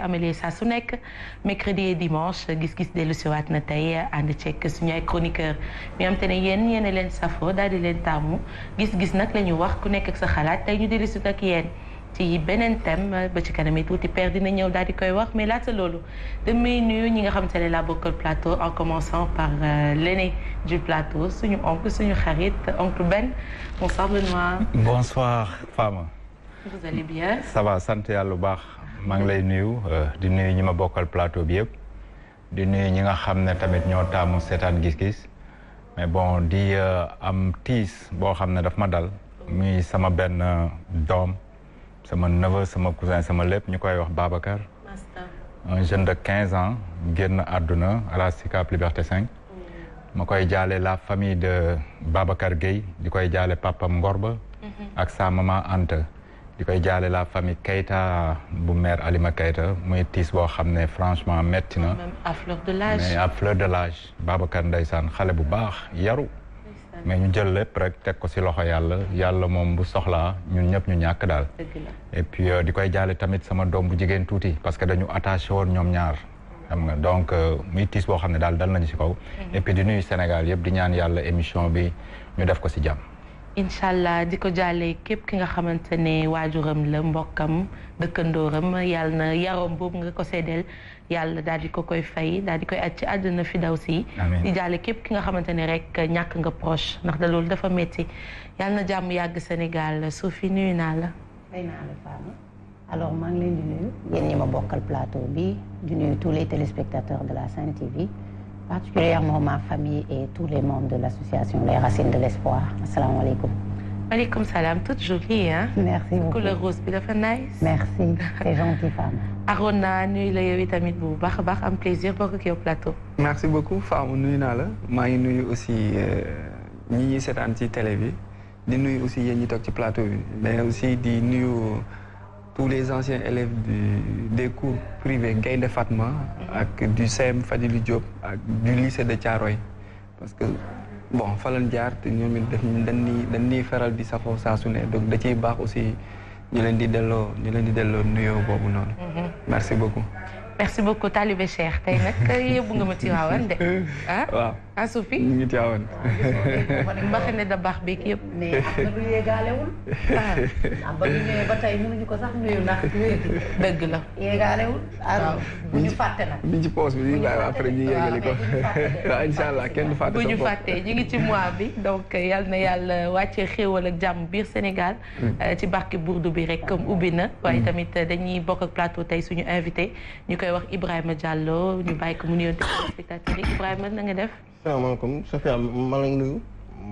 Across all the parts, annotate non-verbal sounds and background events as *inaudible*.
amalee sa su nekk mercredi et dimanche gis-gis dellu siwaat na tey ànd ceeg suñu ay chroniqueur mi am te ne yéen yéen leen safo daal di leen tàmmu gis-gis nag la ñu wax ku nekk ak sa xalaat tey ñu dellu si ak yéen ci beneen thème ba ci kanam tuuti père dina ñëw daal di koy wax mais laata loolu damay nuyu ñi nga xamante ne la bokk bokkal plateau en commençant par euh, l'aîné du plateau suñu oncle suñu xarit oncle Ben bonsoir Benoît. bonsoir Fama. vous allez bien. ça va sant yàlla baax. maa ngi lay nuyu euh, di nuyu ñi ma bokkal plateau bi yëpp di nuyu ñi nga xam ne tamit ñoo taamu seetaan gis-gis mais bon di euh, am tiis boo xam ne daf ma dal muy sama benn euh, doom sama neveu sama cousin sama lépp ñu koy wax Babacar un jeune de quinze ans génn àdduna à la SICAP Liberté 5 mm. ma koy jaale la famille de Babacar Gueye di koy jaale papam Ngorba mm-hmm. ak sa maman Anta di koy jaale la famille Keita bu mère Alima Keita muy tiis boo xam ne franchement metti na. à fleur de l'âge mais à xale bu baax yaru. mais ñu jël lépp rek teg ko si loxo yàlla yàlla moom bu soxla ñun ñëpp ñu ñàkk daal. et euh, di koy jaale tamit sama doom bu jigéen tuuti parce que dañu attaché woon ñoom ñaar. xam nga donc euh, muy tiis boo xam ne daal dal nañu ci kaw. Mhm. et di nuyu Sénégal yëpp di ñaan yàlla émission bi ñu def ko si jàmm. incha allah di ko jàllee képp ki nga xamante ne waajuram la mbokkam dëkkandooram yàlla na yaroom boobu nga ko seddeel yàlla daal di ko koy fay daal di koy at ci àdduna fi daw si di jàllee képp ki nga xamante ne rek ñàkk nga proche ndax da loolu dafa metti yàlla na jàmm yàgg Sénégal Sophie nuyu naa la fay naa la alors maa ngi leen di nuyu yéen ñi ma bokkal plateau bi di nuyu tous les téléspectateurs de la Sen TV particulièrement ma famille et tous les membres de l'association Les Racines de l'Espoir asalaamaaleykum. maaleykum salaam toute jolie hein. merci beaucoup couleur rose bi dafa nice. merci c'est *laughs* gentil femme. Arona nuyu la yow tamit bu baax a baax am plaisir bokk ak yow plateau. merci beaucoup femme nuyu naa la maa ngi nuyu aussi euh, ñi ñuy seetaan ci télé bi di nuyu aussi yéen ñi toog ci plateau bi aussi di nuyu. tous les anciens élèves du, des cours privés Gaïndé Fatma ak du CM Fadilou Diop ak du lycée de Thiaroye parce que bon fa lañ jaar te ñoom it def dañ ni dañ ni faral di safoo saa su ne donc ciy baax aussi ñu leen di delloo ñu leen di delloo nuyoo boobu noonu. Mm-hmm. merci beaucoup. merci beaucoup tey nag yóbbu nga ma ci de ah? *laughs* waaw. asuf ah, bi ñu ngi Tiwaawan. mbaxane da baax beeg yëpp. mais am na lu yeegaalewul. Ah. ah ba ñu ñëwee ba tey mënuñu ko sax nuyu ndax dëgg la. yeegaalewul. Ah, waaw bu ñu fàtte nag. mi ci poos bi ñu ngi bàyyi après ñu yeegali ko. waaw incha allah kenn du fàtte bu ñu fàttee ñu ngi ci mois bi donc yal na yàlla wàccee xéewal ak jàmm biir Sénégal. Mm. Euh, ci barke Bourdou bi rek comme ubbi na. waaye mm. tamit dañuy bokk ak plateau tey suñu invité ñu koy wax Ibrahima Diallo ñu bàyyi ko mu nuyoon spectateur yi Ibrahima na nga def. salaamaaleykum Sofia maa ngi nuyu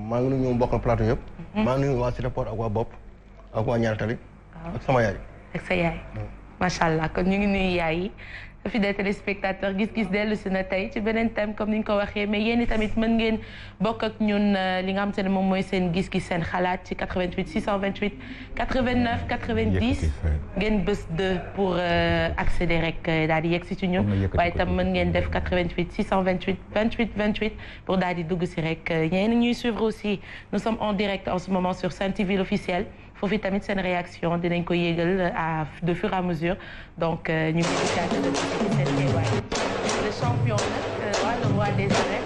maa ngi nuyu ñoom bokkal plateau yëpp. Mhm. maa ngi nuyu waa si rapport ak waa bopp ak waa ñaar tali. ak sama yaay. ak sa yaay. macha kon ñu ngi nuyu yaay yi fidèle téléspectateur gis-gis dellu si na tey ci beneen thème comme ni ñu ko waxee mais yéen tamit mën ngeen bokk ak ñun euh, li nga xam te ne moom mooy seen gis-gis seen xalaat ci 88 628 89 90 ngeen bés 2 pour euh, accéder rek euh, daal di yegg si ci ñun waaye itam mën ngeen def 88 628 28 28 pour daal di dugg si rek yéen ñuy suivre aussi nous sommes en direct en ce moment sur Sen TV foofu tamit seen réaction dinañ ko yéegal euh, à de fur et à mesure donc euh, ñu ngi leen di gàttal seen teewaay le champion nag waa euh, le roi des arènes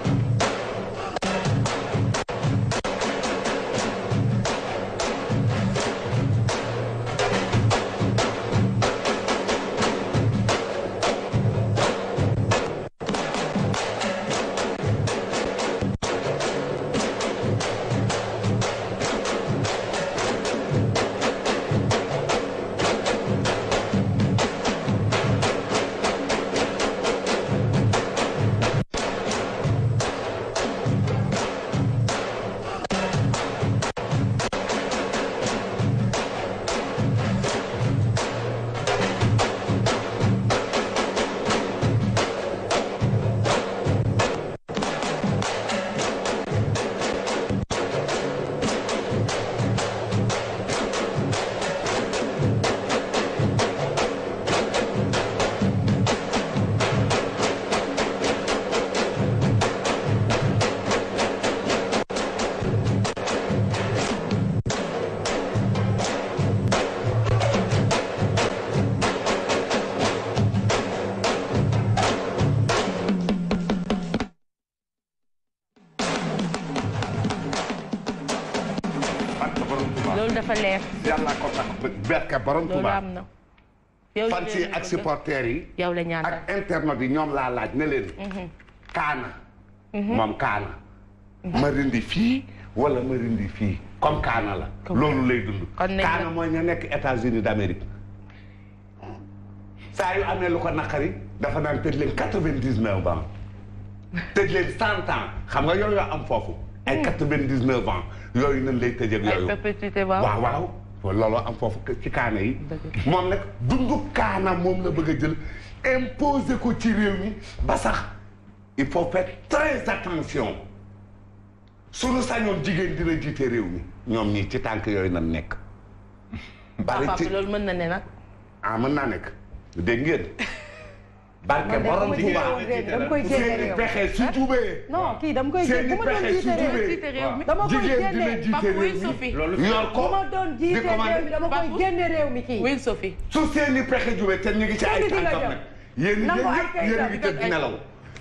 barka borom Tuuba am na fan si ak supporters yi yow la ñaan ak ñoom laa laaj ne leen mhm. kaana mhm. moom kaana mhm. ma rindi fii wala ma rindi fii comme kaana la loolu lay dund kaana mooy ña nekk États-Unis d'Amérique saa yu amee lu ko naqari dafa naan tëj leen quatre-vingt-dix-neuf ans *laughs* xam nga yooyu am foofu ay hmm. quatre-vingt-dix-neuf ans yooyu nan lay tëjee ak looloo am foofu ci kaana yi moom nag dundu kaana moom la bëgg a jël imposer ko ci réew mi ba sax il faut faire très attention suñu sañoon jigéen dina jiite réew mi ñoom ñii ci tànk yooyu nan nekk bari ci loolu mën na ne nag ah mën naa nekk dégg ngeen *laughs* barke borom Touba dama koy génne yow pexe su jubee. non kii dama koy génne bu ma doon jiite réew mi dama koy génne yor ko di commandé dama koy génne réew mi kii. su seeni pexe jubee te ñu ngi ci ay tànkam nag yéen ñëpp yéen ngi tëdd nelaw.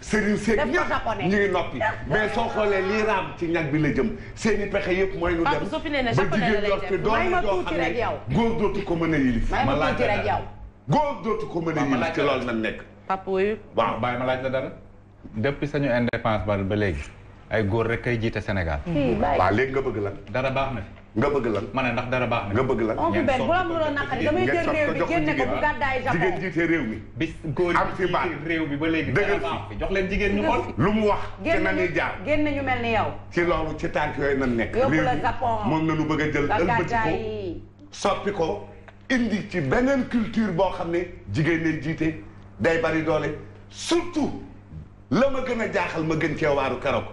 sëriñ seeg ñëpp ñu ngi noppi mais soo xoolee lii raam ci ñag bi la jëm seeni pexe yëpp mooy nu dem ba jigéen yor te doon joo xam ne góor dootu ko mën a yilif ma laaj góor dootu ko mën a yilif ci loolu na nekk papa wooyu waaw bàyyi ma laaj la dara depuis sañu indépendance ba ba léegi ay góor rek kay jiite Sénégal waaw léegi nga bëgg lan dara baax na nga bëgg lan ma ne ndax dara baax na nga bëgg lan on benn bu la mënoon naqari damay jël réew mi génne ko bu gàddaay Japon jigéen jiite réew mi bis góor am fi baat réew mi ba léegi dëgër fi jox leen jigéen ñu xool lu mu wax ci nañuy jaar génn ñu mel ni yow ci loolu ci tànk yooyu nan nekk réew mi moom nañu bëgg a jël ëlbati ko soppi ko indi ci beneen culture boo xam ne jigéen leen jiite day bari doole surtout la ma gën a jaaxal ma gën cee waaru keroog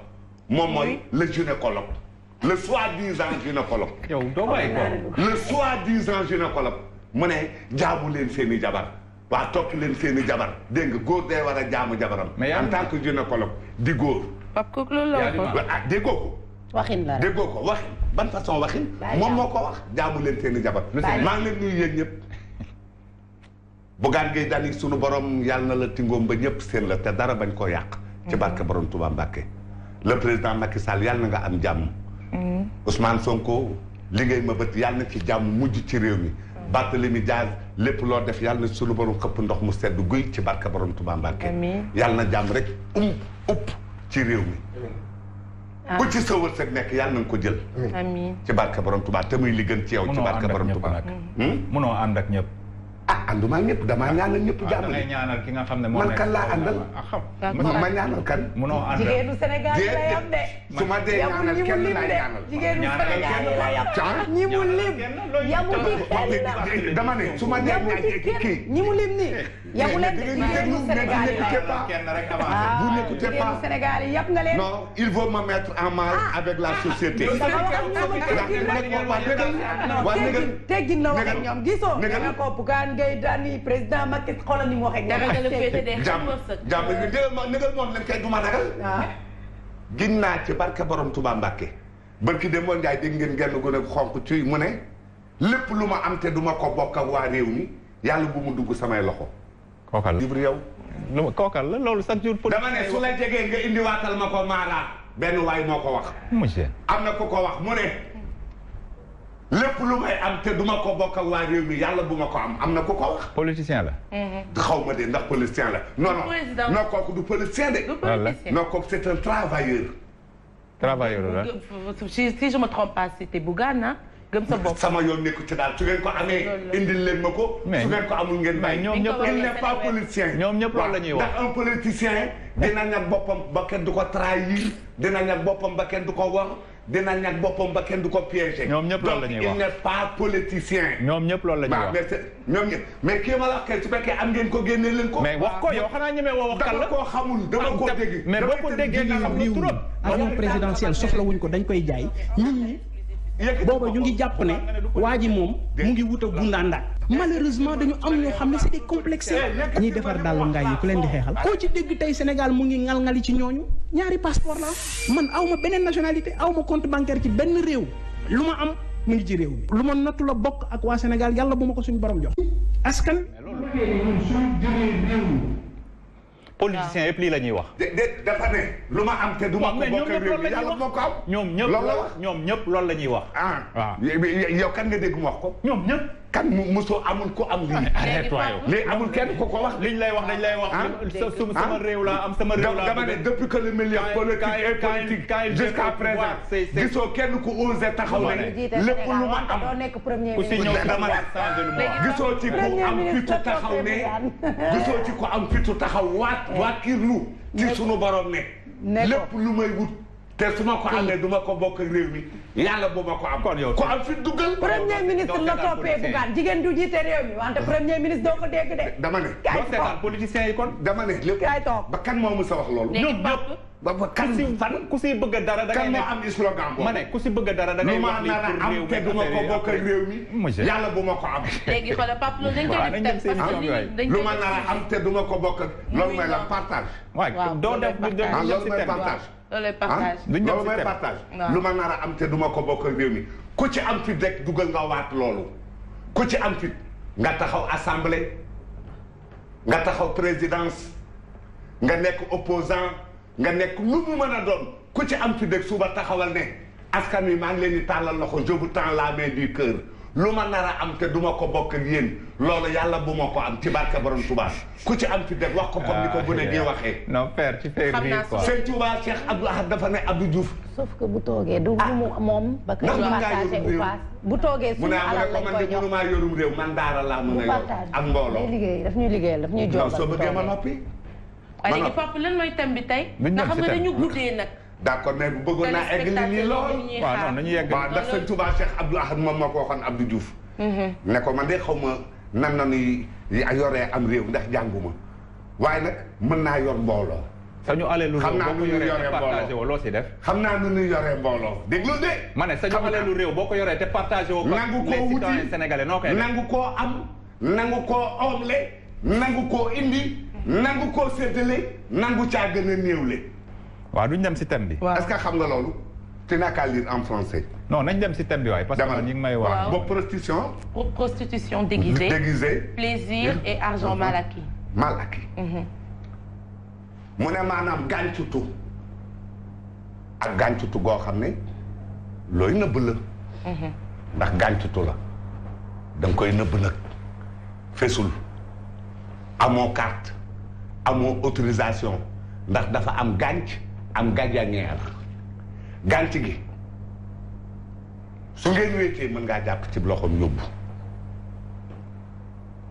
moom mooy le gynécologue le soi-disant gynécologue. yow doo bàyyi ko le soi-disant gynécologue mu ne jaamu leen seen i jabar waa topp leen seen i jabar dégg nga góor day war a jaamu jabaram. mais en tant que gynécologue di góor. Pape ko ah déggoo ko. waxin la déggoo ko waxin ban façon waxin. moom moo ko wax jaamu leen seen i jabar. maa ngi leen nuyu yéen ñëpp. bu Bougane Gueye Dany sunu borom yàlla na la tingoom ba ñëpp seen la te dara bañ koo yàq. ci mm-hmm. barke borom Touba Mbacké. le président Macky Sall yàlla na nga am jàmm. Mm-hmm. Ousmane Sonko liggéey ma bët yàlla na ci jàmm mujj ci réew mi. mi mm-hmm. Diaz lépp loo def yàlla na sunu borom xëpp ndox mu sedd guy ci barke borom Touba Mbacké. yàlla na jàmm rek um upp ci réew mi. Ah. ku ci sa wërsëg nekk yàlla na ko jël. amiin ci barke borom Touba te muy li gën ci yow. ci barke borom Touba mënoo hmm? ànd ak ñëpp ah ànduma ñëpp damaa ñaanal ñëpp ah, jàmm li ñaanal ki nga xam ne man kan laa àndal ah, ma ñaanal kan munoo àndal jigéenu Sénégal lay am de su ma dee ah? ñaanal kenn laay ñaanal jigéenu Sénégal lay am ñi mu lim yamu ci kenn dama ne su ma dee kii ñi mu lim ni yamu leen jigéenu Sénégal yi vous n'écoutez pas Sénégal yi yàpp nga leen non il faut me mettre en mal avec la société waa négal waa négal teggin la wax ak ñoom gisoo nga ko bugaan ngay daan ni président Macky xoolal ni mu waxee. dara nga la féete de xam nga kay du ma nagal. Ah. gin naa ci barke borom Touba Mbakke. barki de moo Ndiaye dégg ngeen genn gu ne xonq ci mu ne lépp lu ma am te du ma ko bokk waa réew mi yàlla bu mu dugg samay loxo. kooka la yow. lu ma la loolu chaque jour. dama ne su la jegee nga indiwaatal ma ko maanaam. benn waay moo ko wax. monsieur am na ku ko wax mu ne. lépp lu may am te duma ko bokk ak waa mi yàlla bu ma ko am am na ko ko wax. politicien la. Mm-hmm. xaw ma de ndax politicien la. non non non kooku du politicien de. du non kooku c'est un travailleur. travailleur la. si si je me trompe sa bopp sama yoon nekku ci daal su ngeen ko amee. indil leen ma ko. mais su ngeen ngeen bàyyi. ñoom ñëpp il politicien. ñoom ñëpp loolu la ñuy wax ndax un politicien. boppam ba kenn du ko trahir. dina ñag boppam ba kenn du ko war. dina ñàkk boppam ba kenn du ko piéger. ñoom ñëpp loolu la ñuy wax donc il n'est pas politicien. ñoom ñëpp loolu la ñuy wax mais ñoom am ngeen ko génne leen ko. mais wax ko yow xanaa ñeme woo wax kan la dama koo xamul dama ah, koo dégg. mais boo ko déggee nga xam ne trop. avion présidentiel ko dañ koy jaay nit ñi. booba ñu ngi jàpp ne waa ji moom mu ngi wut a gundaandaat malheureusement dañu am ñoo xam ne c'est des complexes eh, ñuy defar dàll koo ci dégg tey Sénégal mu ngi ngal-ngali ci ñooñu ñaari passeport la man aw ma beneen nationalité aw ma compte bancaire ci benn réew lu ma am mu ngi ci réew mi lu ma nattu la bokk ak waa Sénégal yàlla bu ma ko suñu borom jox askan politiciens yëpp lii la ñuy wax. déedéet dafa ne lu ma am te du ma ko bokk réew mi yàlla moo ko am. ñoom ñëpp loolu la ñoom ñëpp loolu la ñuy wax. ah waaw yow kan nga dégg mu wax ko ñoom ñëpp. kan mosoo amul ko am lii. arrête waay yow léegi amul kenn ku ko wax liñ lay wax dañ lay wax. Ah? sama ah? réew la am sama réew la dama ne depuis que le milieu politique et politique jusqu'à présent gisoo kenn ku osé taxaw ne lépp lu ma am aussi ñëw dama ne gisoo ci ku am fitu taxaw ne gisoo ci ku am fitu taxaw waat waat kirlu ci sunu borom ne lépp lu may wut te su ma ko amee du ma ko bokk réew mi yàlla bu ma ko am. kon yow ko am fi duggal. premier ministre la toppee bugaan jigéen du jiite réew mi wante premier ministre doo ko dégg de. dama ne doo seetaan politiciens yi kon. dama ne lépp kaay toog ba kan moo mës a wax loolu. ñoom ñëpp ba ba kan si fan ku si bëgg dara da ngay ne kan moo am slogan boobu ma ne ku si bëgg dara da ngay wax ni pour réew mi te du ma ko bokk réew mi. yàlla bu ma ko am. léegi xoolal Pape loolu dañ koy def parce que lu ma nar a am te du ma ko bokk loolu mooy la partage. waaw doo def lu dem si loolu ah, partage loolu mooy partage lu ma nar a am te duma ko bokk ak réew mi ku ci am fit rek dugal nga waat loolu ku ci am fit nga taxaw assemblée nga taxaw présidence nga nekk opposant nga nekk lu mu mën a doon ku ci am fit rek suba taxawal ne askan wi maa ngi leen di tàllal loxo je bu tends la main du cœur lu ma nar am te du ma ko bokk ak yéen loolu yàlla bu ma ko am ci barke borom Touba ku ci am fi def wax ko comme ni ko gune gi waxee. Ah, non père ci père bi quoi. sëñ Touba Cheikh Abdou Ahad dafa ne Abdou Diouf. sauf que bu toogee du ah. mu moom. ba kër bu toogee suñu alal lañ koy jox mu ne yorum réew man daara laa mën a yor ak mbooloo. daf ñuy liggéeyal daf ñuy jox soo bëggee ma noppi. ma noppi waaye léegi papa lan mooy thème bi tey. ndax xam nga dañu guddee nag d' accord mais bu bëggoon naa egg li lii lool waaw non nañu yegg waaw ndax sëñ Touba Cheikh Abdou Ahad moom moo ko waxoon Abdou Diouf mhm. ne ko man de xaw ma nan nañuy yoree am réew ndax jànguma waaye nag mën naa yor mbooloo sañu alelu réew boo ko yoree te partagé woo si def xam naa nu ñuy mbooloo déglul de ma ne sañu alelu réew boo ko yoree te partagé woo nangu koo wuti sénégalais noo koy nangu koo am nangu koo oomle nangu koo indi nangu koo séddale nangu caa gën a néewle waaw duñ dem si thème bi. est-ce que xam nga loolu. te naa kaa lire en français. non nañ dem si thème bi waaye parce que ñu ngi may wax. boobu prostitution. prostitution déguisée. déguisée. plaisir et argent mal acquis. mal acquis. Mhm. mu ne maanaam gàncutu ak gàncutu goo xam ne looy nëbb la. Mhm. ndax gàncutu la da nga koy nëbb nag fesul amoo carte amoo autorisation ndax dafa am gànc. am gàjjaañeer gànc gi su ngeen wéetee mën ngaa jàpp ci loxoom yóbbu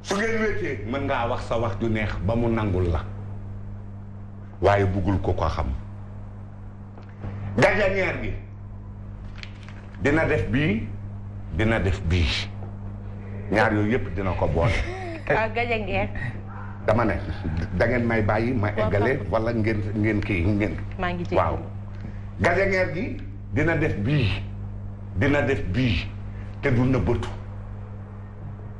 su ngeen wéetee mën ngaa wax sa wax ju neex ba mu nangul la waaye buggul ko ko xam gàjjaañeer gi dina def bii dina def bii ñaar yooyu yépp dina ko boole. *laughs* ah gàjjaañeer dama ne da may bàyyi ma eggale walla ngeen ngeen kii ngeen. maa ngi waaw. gajangeer gi dina def bii dina def bii te du nëbbatu.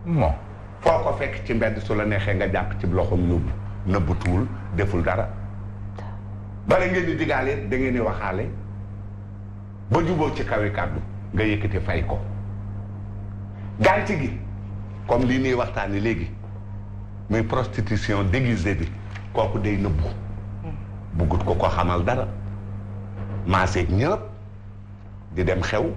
bon foo ko fekk ci mbedd su la neexee nga jàpp ci loxoom yóbbu nëbbatuwul deful dara. bala ngeen di dangeen di waxaale ba juboo ci kawi kàddu nga yëkkati fay ko. gànc gi comme lii waxtaan waxtaani léegi. muy prostitution déguisée bi kooku day nëbbu. buggut ko ko xamal dara maaseeg ñëpp di dem xew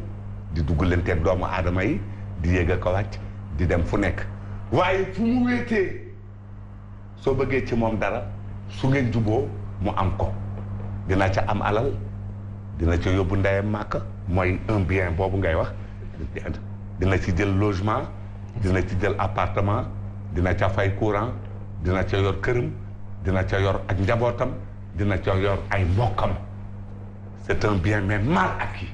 di duggalanteeg doomu aadama yi di yéeg a ko wàcc di dem fu nekk waaye fu mu wéetee soo bëggee ci moom dara su ngeen juboo mu am ko dina ca am alal dina ca yóbbu ndeyam màkk mooy un bien boobu ngay wax dina ci jël logement dina ci jël appartement dina ca fay courant dina ca yor këram dina ca yor ak njabootam dina ca yor ay mbokkam c'est un bien mais mal acquis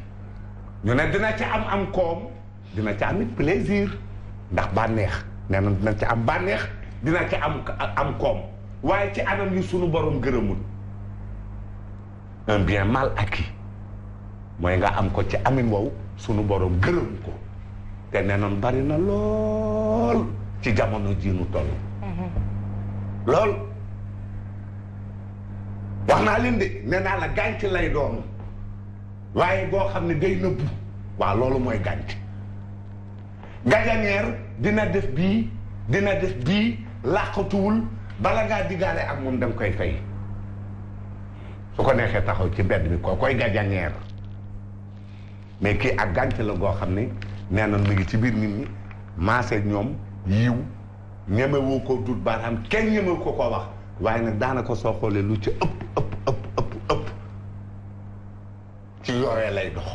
ñu ne dina ca am am koom dina ca amit plaisir ndax bànneex nee na dina ca am bànneex dina ca am am koom waaye ci anam yi sunu borom gërëmul un bien mal acquis mooy nga am ko ci amin wow sunu borom gërëm ko te nee na bari lool ci jamono ji nu toll. loolu wax naa leen de nee naa la gànc lay doon waaye boo xam ne day nëbbu waaw loolu mooy gànc gajaneer dina def bii dina def bii làqatuwul bala ngaa digaale ak moom danga koy fay su ko neexee taxaw ci mbedd bi koo koy gajaneer mais kii ak gànc la goo xam ne nee na ci biir nit ñi maase ñoom yiw ñemewu ko dut baaraam kenn ñemewu ko ko wax waaye nag daanaka soo xoolee lu ci ëpp ëpp ëpp ëpp ëpp ci yooyee lay dox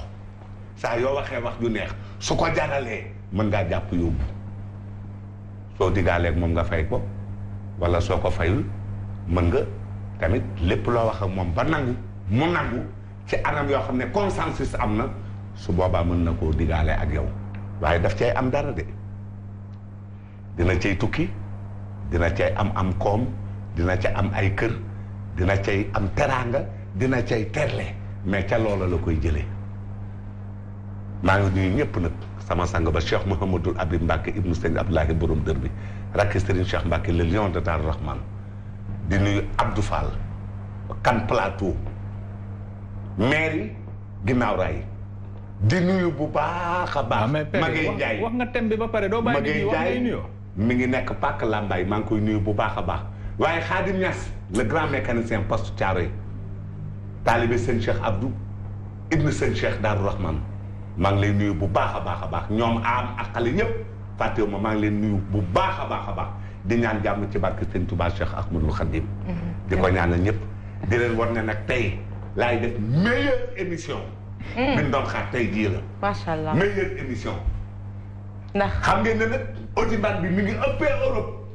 saa yoo waxee wax ju neex su ko jaralee mën ngaa jàpp yóbbu soo diggaaleeg moom nga fay ko wala soo ko fayul mën nga tamit lépp loo wax ak moom ba nangu mu nangu ci anam yoo xam ne consensus am na su boobaa mën na koo diggaale ak yow waaye daf cay am dara de dina cay tukki dina cay am am koom dina ca am ay kër dina cay am teraanga dina cay terle mais ca loola la koy jële maa ngi nuyu ñëpp nag sama sang ba Cheikh Mouhamadul Abib Mbacke ibnu Sëñ Abdoulahi borom dër bi rakki Serigne Cheikh Mbacke le lion de Darou Rahman di nuyu Abdou Fall kan plateau mairie ginnaaw raay di nuyu bu baax a baax. Ah, ma ngay wax nga thème ba pare doo bàyyi. ma ngay jaay mi ngi nekk pàkk làmbaay maa ngi koy nuyu bu baax a baax waaye Khadim Niass le grand mécanicien poste Thiaroye yi taalibe seen Cheikh Abdou ibn seen Cheikh Darou Rahman maa ngi lay nuyu bu baax a baax a baax ñoom aam ak xale yëpp fàttewu ma maa ngi leen nuyu bu baax a baax a baax di ñaan jàmm ci barke sëñ Touba Cheikh Ahmadou Khadim mm-hmm. di ko ñaanal ñëpp di leen war ne nag tey laay def meilleure émission mm. bi doon xaar tey jii la macha allah meilleure émission ndax xam ngeen ne nag ODIHR bi mi ngi ëppee Europe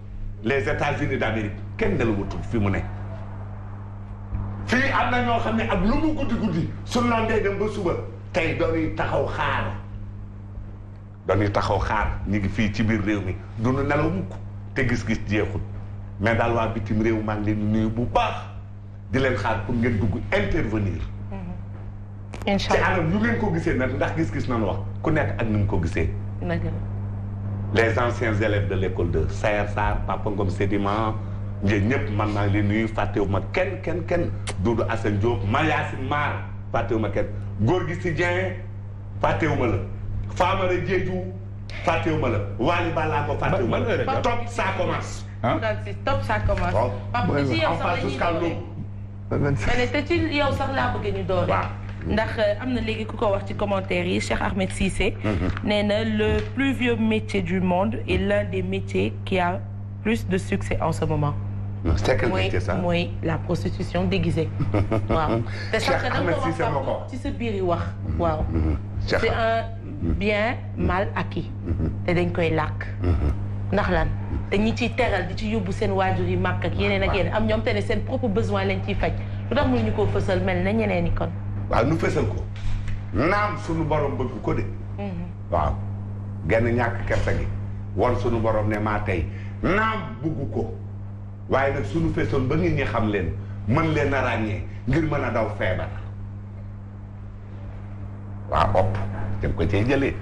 les États-Unis d'Amérique kenn nelawutul fi mu ne. fii am na ñoo xam ne ak lu mu guddi guddi suñu naan day dem ba suba tey doon taxaw xaar doon taxaw xaar ñu ngi fii ci biir réew mi du la nelaw mukk te gis-gis jeexul mais daal waa bitim réew maa ngi leen nuyu bu baax di leen xaar pour ngeen dugg intervenir. incha mm-hmm. allah ci anam ngeen ko gisee nag ndax gis-gis nañu wax ku nekk ak ni mu ko gisee. les anciens élèves de l'école de Saer Sarr Papa Ngom Sédiment yéen man maa ngi leen nuyu fàttewuma kenn ken kenn Doudou Assane Diop Mayacine Mar fàttewuma kenn góor gi si Dieng fàttewuma la Famara Diédhiou fàttewuma la Wali Bala ko fàttewuma la top ça commence. ah top ça commence. waaw mooy en face jusqu'à l'eau. yow sax laa bëgg ñu doore. ndax euh, am na léegi ku ko wax ci commentaire yi Cheikh Ahmed Cissé. Mhm. nee na le plus vieux métier du monde est l'un des métiers qui a plus de succès en ce moment. c'est quel métier ça mooy la prostitution déguisée. *laughs* waaw te sax da nga ko wax ci sa biir yi wax. Mhm. waaw mhm. c'est un bien mal acquis. te dañ koy làkk. ndax lan te ñi ciy teral di ci yóbbu seen waajur yi màkk ak yeneen ak yeneen am ñoom te ne seen propre besoin lañ ciy faj lu tax mënuñu koo fësal mel na ñeneen i kon. waaw nu fësal ko naam sunu borom bëgg ko de waaw genn ñàkk kersa gi won sunu borom ne maa tey naam bëgg ko waaye nag sunu fesoon ba nit ñi xam leen mën leen a ràññee ngir mën a daw feebar waaw opp dem ko cay jëlee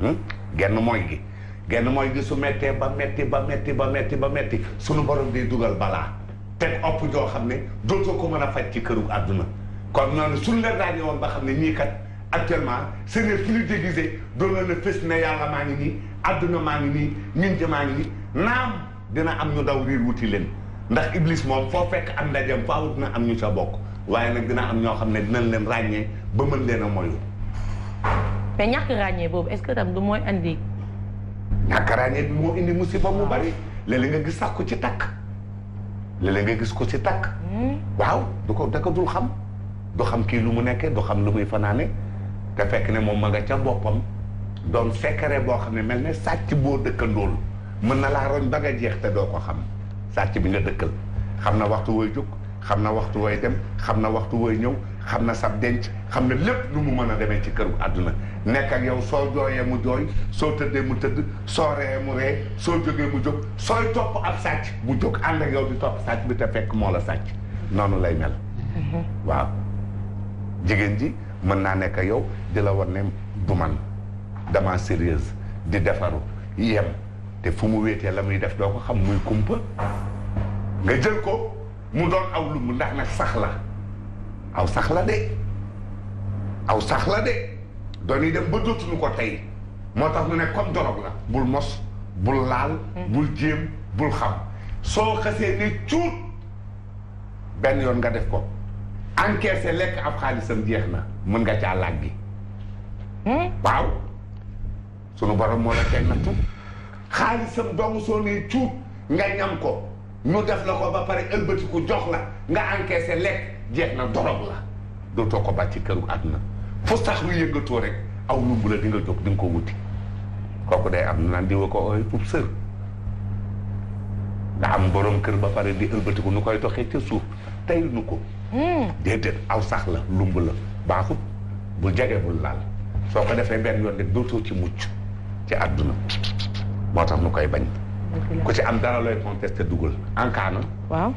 mhm. genn mooy gi genn mooy gi su mettee ba metti ba metti ba metti ba metti sunu borom di dugal balaa teg opp joo xam ne dootoo ko mën a faj ci këru àdduna kon ñooñu suñu leen ràññee woon ba xam ne ñii kat actuellement ce n'est plus déguisé doon na la fës ne yàlla maa ngi nii adduna maa ngi nii ngi nii naam dina am ñu daw riir wuti leen ndax iblis moom foo fekk am ndajeem faaw dina am ñu ca bokk waaye nag dina am ñoo xam ne dinañ leen ràññee ba mën leen a moyu mais ñàkk ràññee boobu est-ce que tam du mooy andi. ñàkk ràññee bi moo indi musiba mu bari léeg nga gis sax ko ci takk léeg-léeg gis ko ci takk. Hmm. waaw du ko da ko dul xam. du xam kii lu mu nekkee du xam lu muy fanaane te fekk ne moom ma nga ca boppam doon secret boo xam ne mel ne sàcc boo dëkkandool mën na laa roñ ba nga jeex te doo ko xam sàcc bi nga dëkkal xam na waxtu wooy jóg xam na waxtu wooy dem xam na waxtu wooy ñëw xam na sab denc xam na lépp lu mu mën a demee ci këru àdduna nekk ak yow soo jooyee mu jooy soo tëddee mu tëdd soo ree mu ree soo jógee mu jóg sooy topp ab sàcc bu jóg ànd ak yow di topp sàcc bi te fekk moo la noonu lay mel *laughs* jigéen ji mën naa nekk yow di la war du man dama sérieuse di defaru yem te fu mu wéetee la muy def doo ko xam muy kumpa nga jël ko mu doon aw lumb ndax ne sax la aw sax la de aw sax la de doon yi def ba dootuñu ko tey moo tax mu ne comme dorog la bul mos bul laal mm. bul jéem bul xam soo xasee ne cuut benn yoon nga def ko encaissé lekk ab xaalisam jeex na mën nga caa laaj bi hmm? waaw sunu borom moo la koy nattu xaalisam doomu soo nee cuub nga ñam ko ñu def la ko ba pare ëlbatiku jox la nga encaissé lekk jeex na dorog la dootoo ko bàcc këru àdduna fu sax lu yëngatoo rek aw lumb la di nga jóg ko wuti kooku day am naan ko ooy pub sër nga am boroom kër ba pare di ëlbatiku nu koy doxee ca suuf tey nu ko Hmm. déedéet aw sax la lumb la baaxut bul jege bul laal soo ko defee benn yoon rek dootoo ci mucc ci àdduna moo tax nu koy bañ ku ci am dara looy contesté dugal en kaana waaw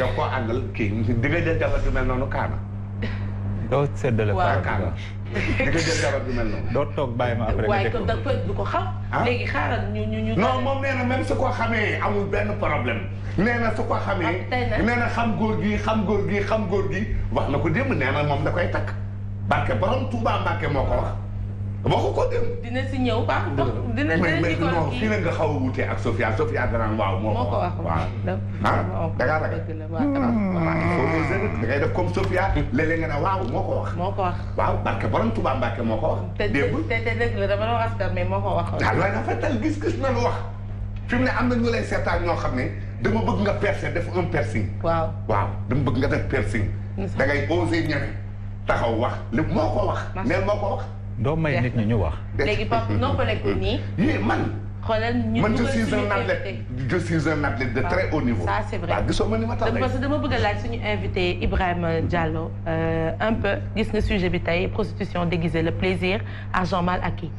yow koo àndal kii di nga jël jabar ju mel noonu kaana doo seddale kaana da nga jël jabar bi mel noonu. doo toog bàyyi ma après waaye kon nag peut-être du ko xam. Ah? léegi xaaral ñu ñu ñu. non moom nee na même su ko xamee amul benn problème. nee na su ko xamee. Ah, nee na xam góor gi xam góor gi xam góor gi. wax na ko démb nee na moom da koy takk. barke borom Touba Mbacke moo ko wax. waxu ko dem. dina si ñëw ba dina dina ci non fii la nga xaw a wutee ak Sofia Sofia danaan waaw moo ko wax waaw ah da ngaa ragal da ngay def comme Sofia léeg-léeg nga ne waaw moo ko wax moo ko wax waaw barke borom Tuubaa Mbàkke moo ko wax démb te te dëgg la dama la wax mais moo ko wax loolu rafetal gis-gis na lu wax fi mu ne am na ñu lay seetaan ñoo xam ne dama bëgg nga percer def un piercing waaw waaw dama bëgg nga def piercing da ngay oser ñeme taxaw wax li moo ko wax neel moo ko wax doo may nit ñi ñu wax. léegi Pape noppaleku nii. yii man. xoolal ñu man je suis un athlète je suis un athlète de très haut niveau. ça c'est vrai waaw gisoo ma ni ma taxawee. parce que dama bëgg a laaj suñu invité Ibrahima Diallo euh, un peu gis nga sujet bi tey prostitution déguisée le plaisir argent mal acquis.